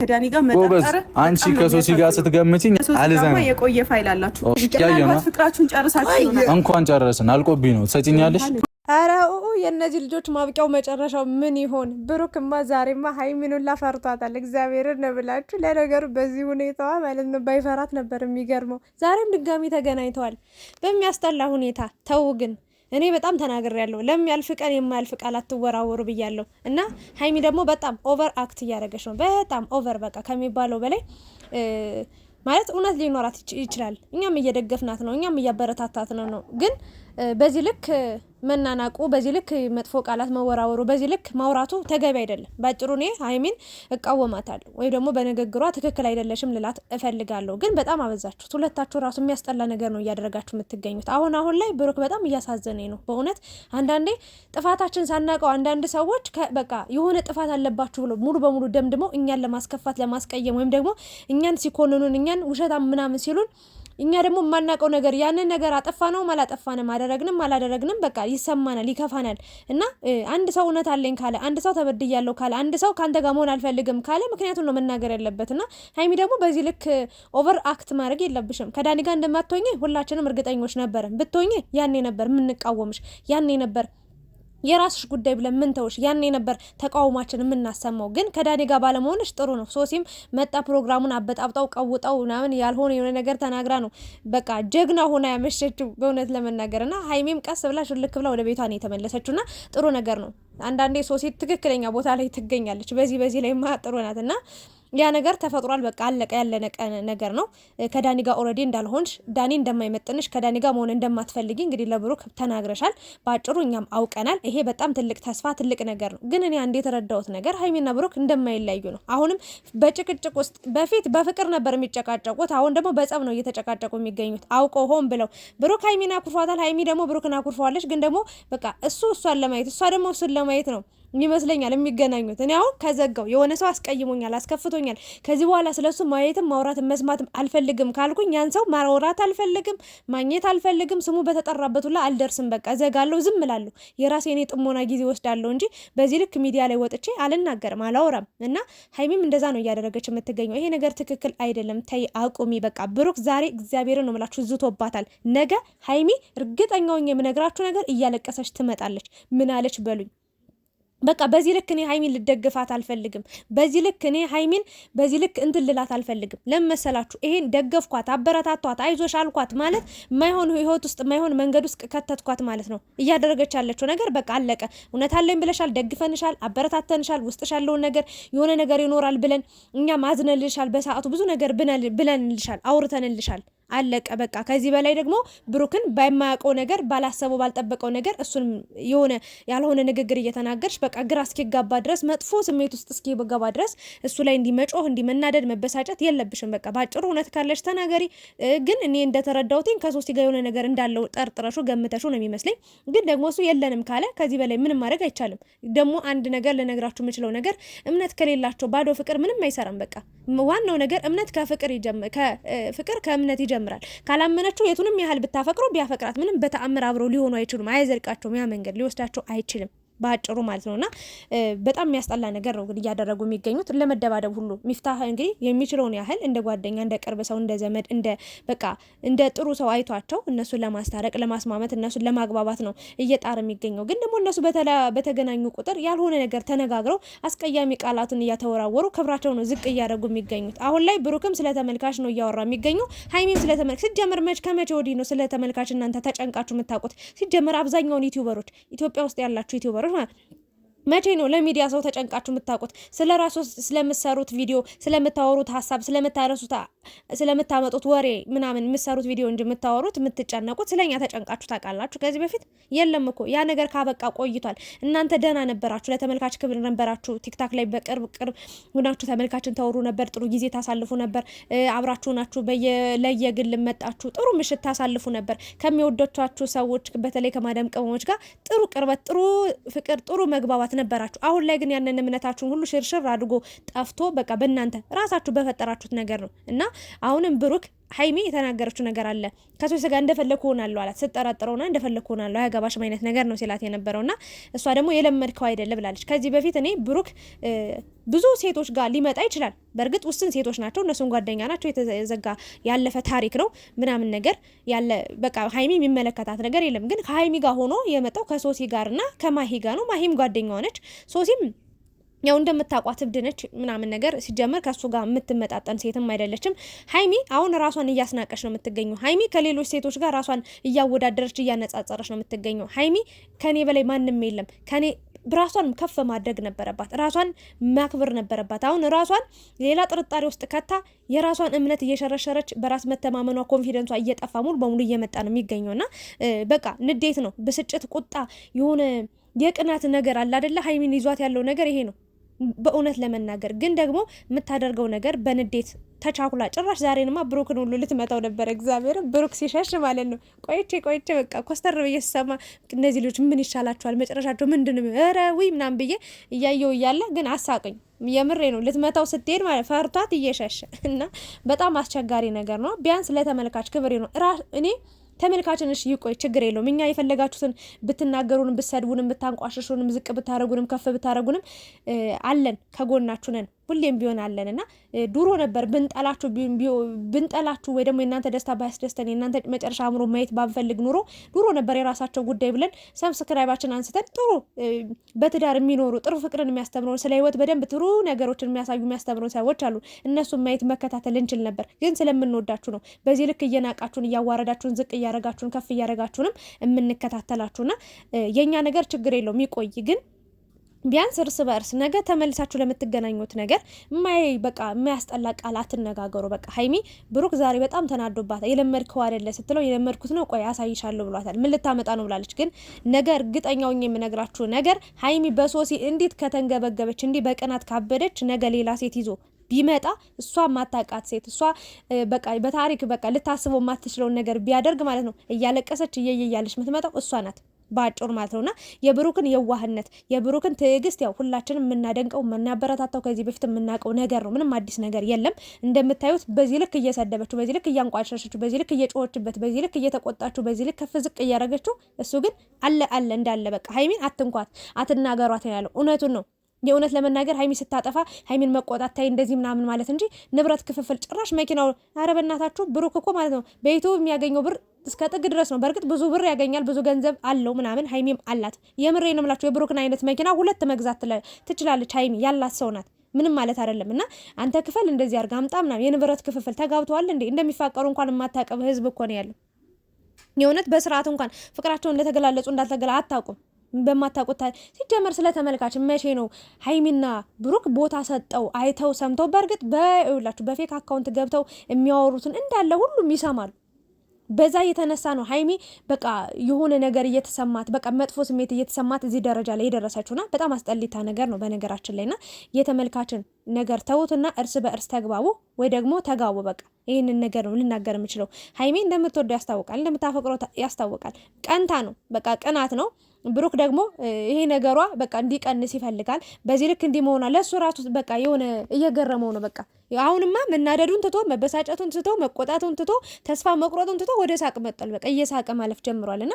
ከዳኒ ጋር መጣጣረ አንቺ ከሶሲ ጋር ስትገምችኝ አልዘን የቆየ ፋይል አላችሁ ፍቅራችሁን ጨርሳችሁ እንኳን ጨረስን አልቆብኝ ነው ትሰጪኛለሽ ኧረ የእነዚህ ልጆች ማብቂያው መጨረሻው ምን ይሆን? ብሩክማ ዛሬማ ሀይሚኑላ ፈርቷታል። እግዚአብሔርን ነው ብላችሁ ለነገሩ በዚህ ሁኔታዋ ማለት ነው ባይፈራት ነበር የሚገርመው። ዛሬም ድጋሚ ተገናኝተዋል በሚያስጠላ ሁኔታ። ተው ግን እኔ በጣም ተናግሬ ያለሁ ለሚያልፍ ቀን የማያልፍ ቃል አትወራወሩ ብያለሁ። እና ሀይሚ ደግሞ በጣም ኦቨር አክት እያደረገች ነው። በጣም ኦቨር በቃ ከሚባለው በላይ ማለት እውነት ሊኖራት ይችላል። እኛም እየደገፍናት ነው፣ እኛም እያበረታታት ነው ነው ግን በዚህ ልክ መናናቁ በዚህ ልክ መጥፎ ቃላት መወራወሩ በዚህ ልክ ማውራቱ ተገቢ አይደለም። ባጭሩ እኔ ሀይሚን እቃወማታለሁ ወይ ደግሞ በንግግሯ ትክክል አይደለሽም ልላት እፈልጋለሁ። ግን በጣም አበዛችሁት ሁለታችሁ። ራሱ የሚያስጠላ ነገር ነው እያደረጋችሁ የምትገኙት። አሁን አሁን ላይ ብሩክ በጣም እያሳዘነኝ ነው በእውነት አንዳንዴ ጥፋታችን ሳናውቀው አንዳንድ ሰዎች በቃ የሆነ ጥፋት አለባችሁ ብሎ ሙሉ በሙሉ ደምድመው እኛን ለማስከፋት ለማስቀየም ወይም ደግሞ እኛን ሲኮንኑን እኛን ውሸታም ምናምን ሲሉን እኛ ደግሞ የማናውቀው ነገር ያንን ነገር አጠፋ ነውም አላጠፋንም አደረግንም አላደረግንም በቃ ይሰማናል፣ ይከፋናል። እና አንድ ሰው እውነት አለኝ ካለ፣ አንድ ሰው ተበድያለሁ ካለ፣ አንድ ሰው ከአንተ ጋር መሆን አልፈልግም ካለ ምክንያቱን ነው መናገር ያለበት። እና ሀይሚ ደግሞ በዚህ ልክ ኦቨር አክት ማድረግ የለብሽም። ከዳኒ ጋር እንደማትሆኝ ሁላችንም እርግጠኞች ነበርን። ብትሆኝ ያኔ ነበር የምንቃወምሽ፣ ያኔ ነበር የራስሽ ጉዳይ ብለን ምን ተውሽ? ያኔ ነበር ተቃውሟችን የምናሰማው። ግን ከዳኔ ጋር ባለመሆንሽ ጥሩ ነው። ሶሲም መጣ ፕሮግራሙን አበጣብጣው ቀውጣው ምናምን ያልሆነ የሆነ ነገር ተናግራ ነው በቃ ጀግና ሆና ያመሸችው በእውነት ለመናገር እና ሀይሜም ቀስ ብላ ሽልክ ብላ ወደ ቤቷ ነው የተመለሰችው። እና ጥሩ ነገር ነው። አንዳንዴ ሶሲ ትክክለኛ ቦታ ላይ ትገኛለች። በዚህ በዚህ ላይ ማ ጥሩ ናት እና ያ ነገር ተፈጥሯል። በቃ አለቀ ያለ ነገር ነው። ከዳኒ ጋር ኦልሬዲ እንዳልሆንሽ፣ ዳኒ እንደማይመጥንሽ፣ ከዳኒ ጋር መሆን እንደማትፈልጊ እንግዲህ ለብሩክ ተናግረሻል። በአጭሩ እኛም አውቀናል። ይሄ በጣም ትልቅ ተስፋ ትልቅ ነገር ነው። ግን እኔ አንድ የተረዳሁት ነገር ሀይሚና ብሩክ እንደማይለያዩ ነው። አሁንም በጭቅጭቅ ውስጥ በፊት በፍቅር ነበር የሚጨቃጨቁት። አሁን ደግሞ በጸብ ነው እየተጨቃጨቁ የሚገኙት አውቀው ሆን ብለው። ብሩክ ሀይሚን አኩርፏታል፣ ሀይሚ ደግሞ ብሩክን አኩርፈዋለች። ግን ደግሞ በቃ እሱ እሷን ለማየት እሷ ደግሞ እሱን ለማየት ነው ይመስለኛል የሚገናኙት። እኔ አሁን ከዘጋው የሆነ ሰው አስቀይሞኛል፣ አስከፍቶኛል፣ ከዚህ በኋላ ስለሱ ማየትም ማውራትም መስማትም አልፈልግም ካልኩኝ ያን ሰው ማውራት አልፈልግም፣ ማግኘት አልፈልግም፣ ስሙ በተጠራበት ሁላ አልደርስም። በቃ ዘጋለሁ፣ ዝም እላለሁ። የራሴ እኔ ጥሞና ጊዜ ወስዳለሁ እንጂ በዚህ ልክ ሚዲያ ላይ ወጥቼ አልናገርም፣ አላውራም። እና ሀይሚም እንደዛ ነው እያደረገች የምትገኘው። ይሄ ነገር ትክክል አይደለም። ተይ አቁሚ። በቃ ብሩክ ዛሬ እግዚአብሔር ነው የምላችሁ ዝቶባታል። ነገ ሀይሚ እርግጠኛውኝ የምነግራችሁ ነገር እያለቀሰች ትመጣለች። ምን አለች በሉኝ በቃ በዚህ ልክ እኔ ሀይሚን ልደግፋት አልፈልግም። በዚህ ልክ እኔ ሀይሚን በዚህ ልክ እንትን ልላት አልፈልግም። ለምን መሰላችሁ? ይሄን ደገፍኳት፣ አበረታቷት፣ አይዞሽ አልኳት ማለት ማይሆን ህይወት ውስጥ ማይሆን መንገድ ውስጥ ከተትኳት ማለት ነው። እያደረገች ያለችው ነገር በቃ አለቀ። እውነት አለኝ ብለሻል፣ ደግፈንሻል፣ አበረታተንሻል፣ ውስጥሽ ያለውን ነገር የሆነ ነገር ይኖራል ብለን እኛም አዝነልሻል፣ በሰዓቱ ብዙ ነገር ብለንልሻል፣ አውርተንልሻል አለቀ በቃ። ከዚህ በላይ ደግሞ ብሩክን በማያውቀው ነገር ባላሰበው ባልጠበቀው ነገር እሱን የሆነ ያልሆነ ንግግር እየተናገርሽ በቃ ግራ እስኪጋባ ድረስ መጥፎ ስሜት ውስጥ እስኪገባ ድረስ እሱ ላይ እንዲመጮህ እንዲመናደድ መበሳጨት የለብሽም። በቃ ባጭሩ እውነት ካለሽ ተናገሪ። ግን እኔ እንደተረዳሁትኝ ከሶስት ጋር የሆነ ነገር እንዳለው ጠርጥረሹ ገምተሹ ነው የሚመስለኝ። ግን ደግሞ እሱ የለንም ካለ ከዚህ በላይ ምንም ማድረግ አይቻልም። ደግሞ አንድ ነገር ልነግራችሁ የምችለው ነገር እምነት ከሌላቸው ባዶ ፍቅር ምንም አይሰራም። በቃ ዋናው ነገር እምነት ከፍቅር ከፍቅር ከእምነት ይጀምራል። ይጀምራል። ካላመነችው የቱንም ያህል ብታፈቅረው ቢያፈቅራት ምንም በተአምር አብረው ሊሆኑ አይችሉም። አይዘልቃቸውም። ያ መንገድ ሊወስዳቸው አይችልም። በአጭሩ ማለት ነው። እና በጣም የሚያስጠላ ነገር ነው እንግዲህ እያደረጉ የሚገኙት ለመደባደብ ሁሉ። ሚፍታህ እንግዲህ የሚችለውን ያህል እንደ ጓደኛ፣ እንደ ቅርብ ሰው፣ እንደ ዘመድ፣ እንደ በቃ እንደ ጥሩ ሰው አይቷቸው እነሱን ለማስታረቅ፣ ለማስማመት፣ እነሱን ለማግባባት ነው እየጣር የሚገኘው። ግን ደግሞ እነሱ በተገናኙ ቁጥር ያልሆነ ነገር ተነጋግረው አስቀያሚ ቃላቱን እያተወራወሩ ክብራቸው ነው ዝቅ እያደረጉ የሚገኙት። አሁን ላይ ብሩክም ስለ ተመልካች ነው እያወራ የሚገኘው ሀይሚም ስለ ተመልካች መች ከመቼ ወዲህ ነው ስለ ተመልካች እናንተ ተጨንቃችሁ የምታውቁት? ሲጀምር አብዛኛውን ዩቲዩበሮች ኢትዮጵያ ውስጥ ያላችሁ ዩቲዩበሮች 什么？መቼ ነው ለሚዲያ ሰው ተጨንቃችሁ የምታውቁት? ስለ ራሱ ስለምትሰሩት ቪዲዮ፣ ስለምታወሩት ሀሳብ፣ ስለምታረሱት፣ ስለምታመጡት ወሬ ምናምን የምትሰሩት ቪዲዮ እንጂ የምታወሩት የምትጨነቁት ስለኛ ተጨንቃችሁ ታውቃላችሁ? ከዚህ በፊት የለም እኮ ያ ነገር ካበቃ ቆይቷል። እናንተ ደህና ነበራችሁ፣ ለተመልካች ክብር ነበራችሁ። ቲክታክ ላይ በቅርብ ቅርብ ሁናችሁ ተመልካችን ተወሩ ነበር፣ ጥሩ ጊዜ ታሳልፉ ነበር። አብራችሁ ናችሁ፣ ለየግል መጣችሁ፣ ጥሩ ምሽት ታሳልፉ ነበር ከሚወደቻችሁ ሰዎች፣ በተለይ ከማደም ቅመሞች ጋር ጥሩ ቅርበት፣ ጥሩ ፍቅር፣ ጥሩ መግባባት ነበራችሁ። አሁን ላይ ግን ያንን እምነታችሁን ሁሉ ሽርሽር አድርጎ ጠፍቶ በቃ በእናንተ ራሳችሁ በፈጠራችሁት ነገር ነው እና አሁንም ብሩክ ሀይሚ የተናገረችው ነገር አለ ከሶስት ጋር እንደፈለግ ሆናለሁ አላት። ስጠራጥረውና እንደፈለግ ሆናለሁ አያገባሽም አይነት ነገር ነው ሲላት የነበረውና እሷ ደግሞ የለመድከው አይደለ ብላለች። ከዚህ በፊት እኔ ብሩክ ብዙ ሴቶች ጋር ሊመጣ ይችላል። በእርግጥ ውስን ሴቶች ናቸው፣ እነሱም ጓደኛ ናቸው። የተዘጋ ያለፈ ታሪክ ነው ምናምን ነገር ያለ በቃ ሀይሚ የሚመለከታት ነገር የለም። ግን ከሀይሚ ጋር ሆኖ የመጣው ከሶሲ ጋርና ከማሂ ጋር ነው። ማሂም ጓደኛ ሆነች ሶሲም ያው እንደምታውቋት እብድ ምናምን ነገር ሲጀምር ከእሱ ጋር የምትመጣጠን ሴትም አይደለችም። ሀይሚ አሁን ራሷን እያስናቀች ነው የምትገኘው። ሀይሚ ከሌሎች ሴቶች ጋር ራሷን እያወዳደረች እያነጻጸረች ነው የምትገኘው። ሀይሚ ከኔ በላይ ማንም የለም ከኔ ራሷን ከፍ ማድረግ ነበረባት። ራሷን ማክበር ነበረባት። አሁን ራሷን ሌላ ጥርጣሬ ውስጥ ከታ የራሷን እምነት እየሸረሸረች በራስ መተማመኗ ኮንፊደንሷ እየጠፋ ሙሉ በሙሉ እየመጣ ነው የሚገኘውና በቃ ንዴት ነው ብስጭት፣ ቁጣ የሆነ የቅናት ነገር አለ አደለ? ሀይሚን ይዟት ያለው ነገር ይሄ ነው። በእውነት ለመናገር ግን ደግሞ የምታደርገው ነገር በንዴት ተቻኩላ ጭራሽ ዛሬንማ ብሩክን ሁሉ ልትመታው ነበረ። እግዚአብሔር ብሩክ ሲሸሽ ማለት ነው። ቆይቼ ቆይቼ በቃ ኮስተር ብዬ ስሰማ እነዚህ ልጆች ምን ይሻላቸዋል? መጨረሻቸው ምንድን ነው? ኧረ ውይ ምናምን ብዬ እያየው እያለ ግን አሳቅኝ። የምሬ ነው። ልትመታው ስትሄድ ማለት ፈርቷት እየሸሸ እና በጣም አስቸጋሪ ነገር ነው። ቢያንስ ለተመልካች ክብሬ ነው እኔ ተመልካችንሽ ይቆይ፣ ችግር የለውም። እኛ የፈለጋችሁትን ብትናገሩንም፣ ብትሰድቡንም፣ ብታንቋሽሹንም፣ ዝቅ ብታረጉንም፣ ከፍ ብታረጉንም አለን፣ ከጎናችሁ ነን። ሁሌም ቢሆን አለን እና ድሮ ነበር ብንጠላችሁ ብንጠላችሁ ወይ ደግሞ የእናንተ ደስታ ባያስደስተን የእናንተ መጨረሻ አእምሮ ማየት ባንፈልግ ኑሮ ድሮ ነበር የራሳቸው ጉዳይ ብለን ሰብስክራይባችን አንስተን ጥሩ በትዳር የሚኖሩ ጥሩ ፍቅርን የሚያስተምሩ ስለ ህይወት በደንብ ጥሩ ነገሮችን የሚያሳዩ የሚያስተምሩ ሰዎች አሉ። እነሱን ማየት መከታተል እንችል ነበር፣ ግን ስለምንወዳችሁ ነው። በዚህ ልክ እየናቃችሁን፣ እያዋረዳችሁን፣ ዝቅ እያረጋችሁን፣ ከፍ እያረጋችሁንም የምንከታተላችሁና የእኛ ነገር ችግር የለውም ይቆይ ግን ቢያንስ እርስ በእርስ ነገ ተመልሳችሁ ለምትገናኙት ነገር ማይ በቃ የማያስጠላ ቃል አትነጋገሩ። በቃ ሀይሚ ብሩክ ዛሬ በጣም ተናዶባታል። የለመድከው አይደለ ስትለው የለመድኩት ነው ቆይ አሳይሻለሁ ብሏታል። ምን ልታመጣ ነው ብላለች። ግን ነገ እርግጠኛው የምነግራችሁ ነገር ሀይሚ በሶሲ እንዴት ከተንገበገበች እንዲህ በቅናት ካበደች ነገ ሌላ ሴት ይዞ ቢመጣ እሷ ማታቃት ሴት እሷ በቃ በታሪክ በቃ ልታስበው የማትችለውን ነገር ቢያደርግ ማለት ነው እያለቀሰች እየየ እያለች ምትመጣው እሷ ናት። በአጭሩ ማለት ነውና የብሩክን የዋህነት የብሩክን ትዕግስት ያው ሁላችንም የምናደንቀው የምናበረታታው ከዚህ በፊት የምናውቀው ነገር ነው። ምንም አዲስ ነገር የለም። እንደምታዩት በዚህ ልክ እየሰደበችው፣ በዚህ ልክ እያንቋሸሸችው፣ በዚህ ልክ እየጮኸችበት፣ በዚህ ልክ እየተቆጣችው፣ በዚህ ልክ ከፍ ዝቅ እያደረገችው፣ እሱ ግን አለ አለ እንዳለ በቃ ሀይሚን አትንኳት፣ አትናገሯት ያለው እውነቱን ነው። የእውነት ለመናገር ሀይሚ ስታጠፋ ሀይሚን መቆጣት ታይ እንደዚህ ምናምን ማለት እንጂ ንብረት ክፍፍል ጭራሽ መኪናው ኧረ በእናታችሁ ብሩክ እኮ ማለት ነው በዩቱብ የሚያገኘው ብር እስከ ጥግ ድረስ ነው። በእርግጥ ብዙ ብር ያገኛል፣ ብዙ ገንዘብ አለው ምናምን። ሀይሚም አላት። የምሬ ነው የምላቸው የብሩክን አይነት መኪና ሁለት መግዛት ትችላለች። ሀይሚ ያላት ሰው ናት። ምንም ማለት አይደለም። እና አንተ ክፈል፣ እንደዚህ አርጋ አምጣ ምናምን። የንብረት ክፍፍል ተጋብተዋል እንዴ? እንደሚፋቀሩ እንኳን የማታቀብ ህዝብ እኮ ነው ያለው። የእውነት በስርዓት እንኳን ፍቅራቸውን እንደተገላለጹ እንዳልተገላ አታውቁም። በማታቆታ ሲጀመር ስለ ተመልካች መቼ ነው ሀይሚና ብሩክ ቦታ ሰጠው አይተው ሰምተው? በእርግጥ በላችሁ በፌክ አካውንት ገብተው የሚያወሩትን እንዳለ ሁሉም ይሰማሉ። በዛ የተነሳ ነው ሀይሚ በቃ የሆነ ነገር እየተሰማት በቃ መጥፎ ስሜት እየተሰማት እዚህ ደረጃ ላይ የደረሰችውና በጣም አስጠሊታ ነገር ነው በነገራችን ና የተመልካችን ነገር ተውትና እርስ በእርስ ተግባቡ ወይ ደግሞ ተጋቡ። በቃ ይህንን ነገር ነው ልናገር የምችለው። ሀይሚ እንደምትወደው ያስታውቃል፣ እንደምታፈቅረው ያስታውቃል። ቀንታ ነው በቃ ቅናት ነው። ብሩክ ደግሞ ይሄ ነገሯ በቃ እንዲቀንስ ይፈልጋል። በዚህ ልክ እንዲህ መሆኗ ለእሱ ራሱ በቃ የሆነ እየገረመው ነው። በቃ አሁንማ መናደዱን ትቶ መበሳጨቱን ትቶ መቆጣቱን ትቶ ተስፋ መቁረጡን ትቶ ወደ ሳቅ መጥቷል። በቃ እየሳቀ ማለፍ ጀምሯል። እና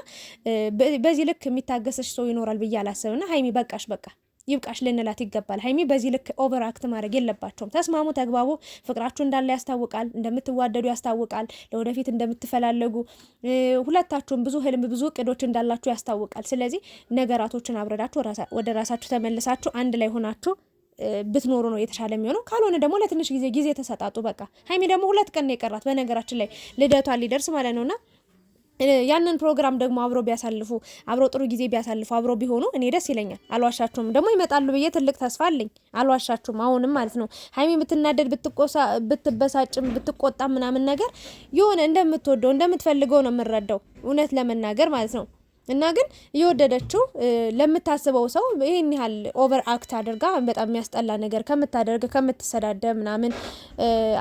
በዚህ ልክ የሚታገሰች ሰው ይኖራል ብዬ አላሰብና ሀይሚ በቃሽ በቃ ይብቃሽ ልንላት ይገባል። ሀይሚ በዚህ ልክ ኦቨር አክት ማድረግ የለባቸውም። ተስማሙ፣ ተግባቡ። ፍቅራችሁ እንዳለ ያስታውቃል፣ እንደምትዋደዱ ያስታውቃል፣ ለወደፊት እንደምትፈላለጉ ሁለታችሁም ብዙ ህልም፣ ብዙ እቅዶች እንዳላችሁ ያስታውቃል። ስለዚህ ነገራቶችን አብረዳችሁ ወደ ራሳችሁ ተመልሳችሁ አንድ ላይ ሆናችሁ ብትኖሩ ነው የተሻለ የሚሆነው። ካልሆነ ደግሞ ለትንሽ ጊዜ ጊዜ ተሰጣጡ። በቃ ሀይሚ ደግሞ ሁለት ቀን የቀራት በነገራችን ላይ ልደቷ ሊደርስ ማለት ነውና ያንን ፕሮግራም ደግሞ አብሮ ቢያሳልፉ አብሮ ጥሩ ጊዜ ቢያሳልፉ አብሮ ቢሆኑ እኔ ደስ ይለኛል። አልዋሻችሁም፣ ደግሞ ይመጣሉ ብዬ ትልቅ ተስፋ አለኝ። አልዋሻችሁም። አሁንም ማለት ነው ሀይሚ ብትናደድ፣ ብትበሳጭም፣ ብትቆጣ ምናምን ነገር የሆነ እንደምትወደው እንደምትፈልገው ነው የምረዳው እውነት ለመናገር ማለት ነው። እና ግን እየወደደችው ለምታስበው ሰው ይህን ያህል ኦቨር አክት አድርጋ በጣም የሚያስጠላ ነገር ከምታደርግ ከምትሰዳደብ ምናምን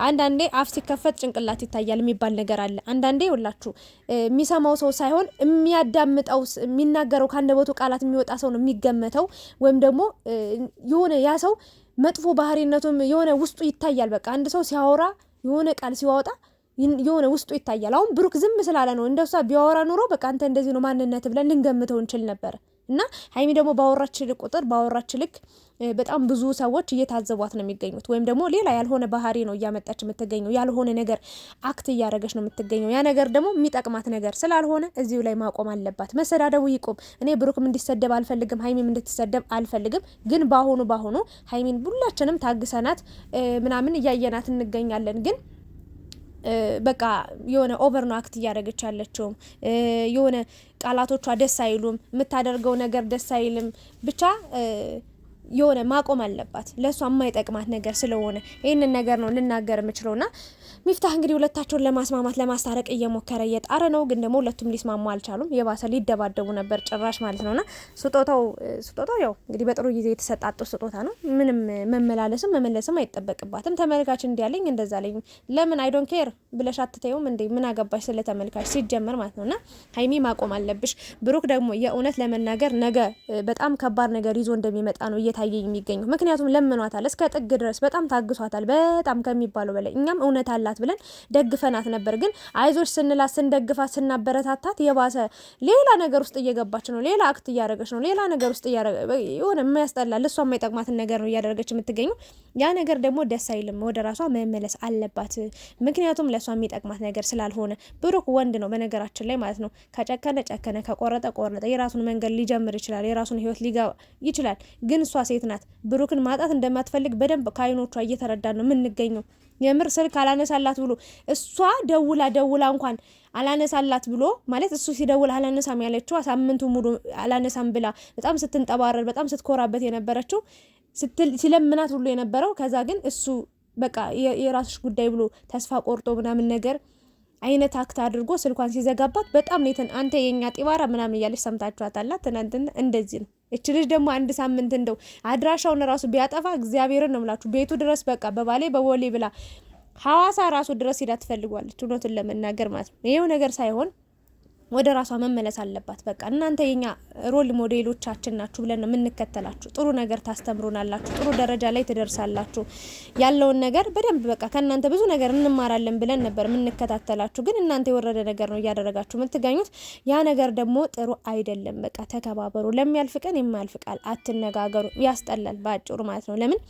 አንዳንዴ አፍ ሲከፈት ጭንቅላት ይታያል የሚባል ነገር አለ። አንዳንዴ ሁላችሁ የሚሰማው ሰው ሳይሆን የሚያዳምጠው የሚናገረው ከአንደበቱ ቃላት የሚወጣ ሰው ነው የሚገመተው ወይም ደግሞ የሆነ ያ ሰው መጥፎ ባህሪነቱም የሆነ ውስጡ ይታያል። በቃ አንድ ሰው ሲያወራ የሆነ ቃል ሲዋወጣ የሆነ ውስጡ ይታያል። አሁን ብሩክ ዝም ስላለ ነው። እንደሷ ቢያወራ ኑሮ በቃ አንተ እንደዚህ ነው ማንነት ብለን ልንገምተው እንችል ነበር። እና ሀይሚ ደግሞ ባወራች ቁጥር ባወራች ልክ በጣም ብዙ ሰዎች እየታዘቧት ነው የሚገኙት። ወይም ደግሞ ሌላ ያልሆነ ባህሪ ነው እያመጣች የምትገኘው፣ ያልሆነ ነገር አክት እያደረገች ነው የምትገኘው። ያ ነገር ደግሞ የሚጠቅማት ነገር ስላልሆነ እዚሁ ላይ ማቆም አለባት። መሰዳደቡ ይቆም። እኔ ብሩክም እንዲሰደብ አልፈልግም፣ ሀይሚም እንድትሰደብ አልፈልግም። ግን በአሁኑ በአሁኑ ሀይሚን ሁላችንም ታግሰናት ምናምን እያየናት እንገኛለን ግን በቃ የሆነ ኦቨር ነው አክት እያደረገች ያለችውም የሆነ ቃላቶቿ ደስ አይሉም፣ የምታደርገው ነገር ደስ አይልም ብቻ የሆነ ማቆም አለባት። ለእሷ የማይጠቅማት ነገር ስለሆነ ይህንን ነገር ነው ልናገር የምችለው። ና ሚፍታህ እንግዲህ ሁለታቸውን ለማስማማት ለማስታረቅ እየሞከረ እየጣረ ነው፣ ግን ደግሞ ሁለቱም ሊስማሙ አልቻሉም። የባሰ ሊደባደቡ ነበር ጭራሽ ማለት ነው። ና ስጦታው ስጦታው ያው እንግዲህ በጥሩ ጊዜ የተሰጣጡ ስጦታ ነው። ምንም መመላለስም መመለስም አይጠበቅባትም። ተመልካች እንዲያለኝ እንደዛ ለኝ ለምን አይዶን ኬር ብለሽ አትተዩም እንዴ? ምን አገባሽ ስለ ተመልካች ሲጀመር ማለት ነው። ና ሀይሚ ማቆም አለብሽ። ብሩክ ደግሞ የእውነት ለመናገር ነገ በጣም ከባድ ነገር ይዞ እንደሚመጣ ነው እየታየ የሚገኘው። ምክንያቱም ለምኗታል፣ እስከ ጥግ ድረስ በጣም ታግሷታል፣ በጣም ከሚባለው በላይ። እኛም እውነት አላት ብለን ደግፈናት ነበር። ግን አይዞች ስንላት፣ ስንደግፋት፣ ስናበረታታት የባሰ ሌላ ነገር ውስጥ እየገባች ነው። ሌላ አክት እያደረገች ነው። ሌላ ነገር ውስጥ የሆነ የሚያስጠላ እሷ የማይጠቅማትን ነገር ነው እያደረገች የምትገኘው። ያ ነገር ደግሞ ደስ አይልም። ወደ ራሷ መመለስ አለባት። ምክንያቱም ለእሷ የሚጠቅማት ነገር ስላልሆነ ብሩክ ወንድ ነው በነገራችን ላይ ማለት ነው። ከጨከነ ጨከነ፣ ከቆረጠ ቆረጠ። የራሱን መንገድ ሊጀምር ይችላል። የራሱን ህይወት ሊገባ ይችላል። ግን እሷ ሴት ናት። ብሩክን ማጣት እንደማትፈልግ በደንብ ከአይኖቿ እየተረዳ ነው የምንገኘው። የምር ስልክ አላነሳላት ብሎ እሷ ደውላ ደውላ እንኳን አላነሳላት ብሎ ማለት እሱ ሲደውል አላነሳም ያለችው ሳምንቱ ሙሉ አላነሳም ብላ በጣም ስትንጠባረር በጣም ስትኮራበት የነበረችው ሲለምናት ሁሉ የነበረው ከዛ ግን እሱ በቃ የራስሽ ጉዳይ ብሎ ተስፋ ቆርጦ ምናምን ነገር አይነት አክት አድርጎ ስልኳን ሲዘጋባት በጣም ነው አንተ የኛ ጢባራ ምናምን እያለች ሰምታችኋታላ። ትናንትና እንደዚህ ነው። እች ልጅ ደግሞ አንድ ሳምንት እንደው አድራሻውን ራሱ ቢያጠፋ እግዚአብሔርን ነው ምላችሁ ቤቱ ድረስ በቃ በባሌ በቦሌ ብላ ሀዋሳ ራሱ ድረስ ሄዳ ትፈልጓለች። እውነቱን ለመናገር ማለት ነው ይሄው ነገር ሳይሆን ወደ ራሷ መመለስ አለባት። በቃ እናንተ የኛ ሮል ሞዴሎቻችን ናችሁ ብለን ነው የምንከተላችሁ። ጥሩ ነገር ታስተምሩናላችሁ፣ ጥሩ ደረጃ ላይ ትደርሳላችሁ። ያለውን ነገር በደንብ በቃ ከእናንተ ብዙ ነገር እንማራለን ብለን ነበር የምንከታተላችሁ። ግን እናንተ የወረደ ነገር ነው እያደረጋችሁ የምትገኙት። ያ ነገር ደግሞ ጥሩ አይደለም። በቃ ተከባበሩ። ለሚያልፍ ቀን የማያልፍ ቃል አትነጋገሩ። ያስጠላል፣ በአጭሩ ማለት ነው። ለምን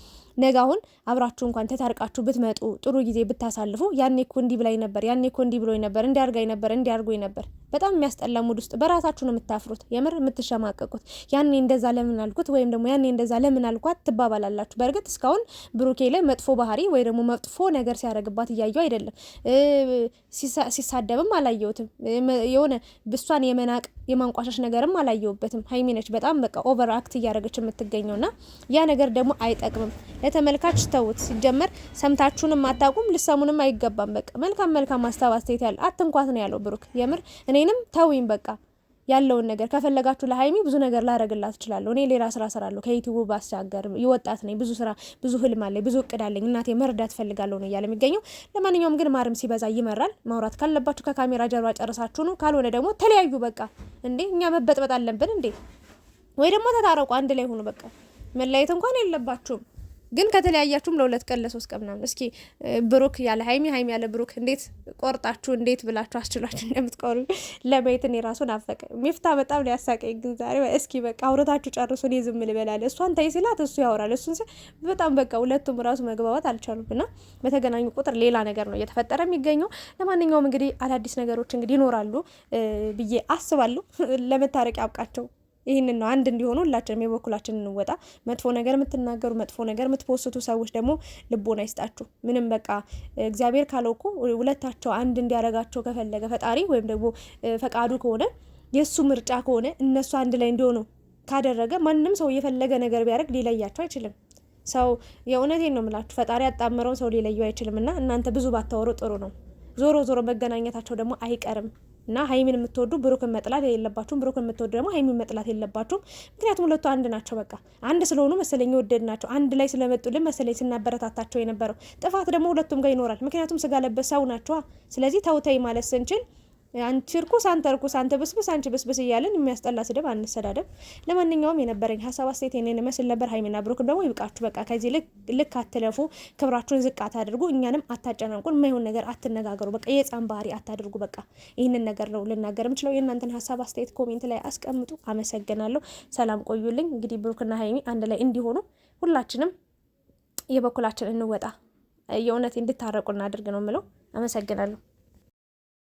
ነገ አሁን አብራችሁ እንኳን ተታርቃችሁ ብትመጡ ጥሩ ጊዜ ብታሳልፉ፣ ያኔ እኮ እንዲህ ብላኝ ነበር፣ ያኔ እኮ እንዲህ ብሎኝ ነበር፣ እንዲያርጋኝ ነበር፣ እንዲያርጎኝ ነበር በጣም የሚያስጠላ ሙድ ውስጥ በራሳችሁ ነው የምታፍሩት፣ የምር የምትሸማቀቁት። ያኔ እንደዛ ለምን አልኩት ወይም ደግሞ ያኔ እንደዛ ለምን አልኳት ትባባላላችሁ። በእርግጥ እስካሁን ብሩኬ ላይ መጥፎ ባህሪ ወይ ደግሞ መጥፎ ነገር ሲያደርግባት እያየው አይደለም፣ ሲሳደብም አላየሁትም። የሆነ ብሷን የመናቅ የማንቋሸሽ ነገርም አላየውበትም። ሀይሚነች በጣም በቃ ኦቨር አክት እያደረገች የምትገኘው ና ያ ነገር ደግሞ አይጠቅምም። ለተመልካች ተውት። ሲጀመር ሰምታችሁንም አታቁም፣ ልሰሙንም አይገባም። በቃ መልካም መልካም አስተባ አስተያየት ያለ አትንኳት ነው ያለው ብሩክ። የምር እኔንም ተውኝ በቃ ያለውን ነገር ከፈለጋችሁ ለሀይሚ ብዙ ነገር ላረግላት እችላለሁ። እኔ ሌላ ስራ ሰራለሁ ከዩቲቡ ባሻገር ይወጣት ነኝ። ብዙ ስራ፣ ብዙ ህልም አለኝ፣ ብዙ እቅድ አለኝ። እናቴ መርዳት ፈልጋለሁ ነው እያለ የሚገኘው። ለማንኛውም ግን ማርም ሲበዛ ይመራል። ማውራት ካለባችሁ ከካሜራ ጀርባ ጨርሳችሁ ነው፣ ካልሆነ ደግሞ ተለያዩ። በቃ እንዴ እኛ መበጥበጥ አለብን እንዴ? ወይ ደግሞ ተታረቁ፣ አንድ ላይ ሆኑ። በቃ መለያየት እንኳን የለባችሁም። ግን ከተለያያችሁም ለሁለት ቀን ለሶስት ቀን ምናምን እስኪ ብሩክ ያለ ሀይሚ ሀይሚ ያለ ብሩክ እንዴት ቆርጣችሁ እንዴት ብላችሁ አስችሏችሁ እንደምትቀሩ ለማየት እኔ ራሱን አፈቀ ሚፍታ በጣም ሊያሳቀኝ ግን ዛሬ እስኪ በቃ አውረታችሁ ጨርሱ፣ እኔ ዝም ልበላል። እሷን ታይ ሲላት እሱ ያወራል። እሱን በጣም በቃ ሁለቱም ራሱ መግባባት አልቻሉም እና በተገናኙ ቁጥር ሌላ ነገር ነው እየተፈጠረ የሚገኘው። ለማንኛውም እንግዲህ አዳዲስ ነገሮች እንግዲህ ይኖራሉ ብዬ አስባለሁ። ለመታረቅ ያብቃቸው። ይህንን ነው አንድ እንዲሆኑ ሁላችንም የበኩላችን እንወጣ። መጥፎ ነገር የምትናገሩ መጥፎ ነገር የምትፖስቱ ሰዎች ደግሞ ልቦን አይስጣችሁ። ምንም በቃ እግዚአብሔር ካለው እኮ ሁለታቸው አንድ እንዲያደርጋቸው ከፈለገ ፈጣሪ ወይም ደግሞ ፈቃዱ ከሆነ የእሱ ምርጫ ከሆነ እነሱ አንድ ላይ እንዲሆኑ ካደረገ ማንም ሰው የፈለገ ነገር ቢያደርግ ሊለያቸው አይችልም። ሰው የእውነቴን ነው የምላችሁ፣ ፈጣሪ ያጣመረውን ሰው ሊለየው አይችልም። እና እናንተ ብዙ ባታወሩ ጥሩ ነው። ዞሮ ዞሮ መገናኘታቸው ደግሞ አይቀርም። እና ሀይሚን የምትወዱ ብሩክን መጥላት የለባችሁም። ብሩክን የምትወዱ ደግሞ ሀይሚን መጥላት የለባችሁም። ምክንያቱም ሁለቱ አንድ ናቸው። በቃ አንድ ስለሆኑ መሰለኝ ወደድ ናቸው። አንድ ላይ ስለመጡልን መሰለኝ ስናበረታታቸው የነበረው። ጥፋት ደግሞ ሁለቱም ጋር ይኖራል። ምክንያቱም ስጋ ለበሰው ናቸዋ። ስለዚህ ተውተይ ማለት ስንችል አንቺ እርኩስ፣ አንተ እርኩስ፣ አንተ ብስብስ፣ አንቺ ብስብስ እያለን የሚያስጠላ ስድብ አንሰዳደብ። ለማንኛውም የነበረኝ ሀሳብ አስተያየት የኔን መስል ነበር። ሀይሚና ብሩክ ደግሞ ይብቃችሁ፣ በቃ ከዚህ ልክ አትለፉ፣ ክብራችሁን ዝቅ አታድርጉ፣ እኛንም አታጨናንቁን፣ የማይሆን ነገር አትነጋገሩ፣ በቃ የጻን ባህሪ አታድርጉ። በቃ ይህንን ነገር ነው ልናገር የምችለው። የእናንተን ሀሳብ አስተያየት ኮሜንት ላይ አስቀምጡ። አመሰግናለሁ። ሰላም ቆዩልኝ። እንግዲህ ብሩክና ሀይሚ አንድ ላይ እንዲሆኑ ሁላችንም የበኩላችን እንወጣ። የእውነት እንድታረቁ እናድርግ ነው የምለው። አመሰግናለሁ።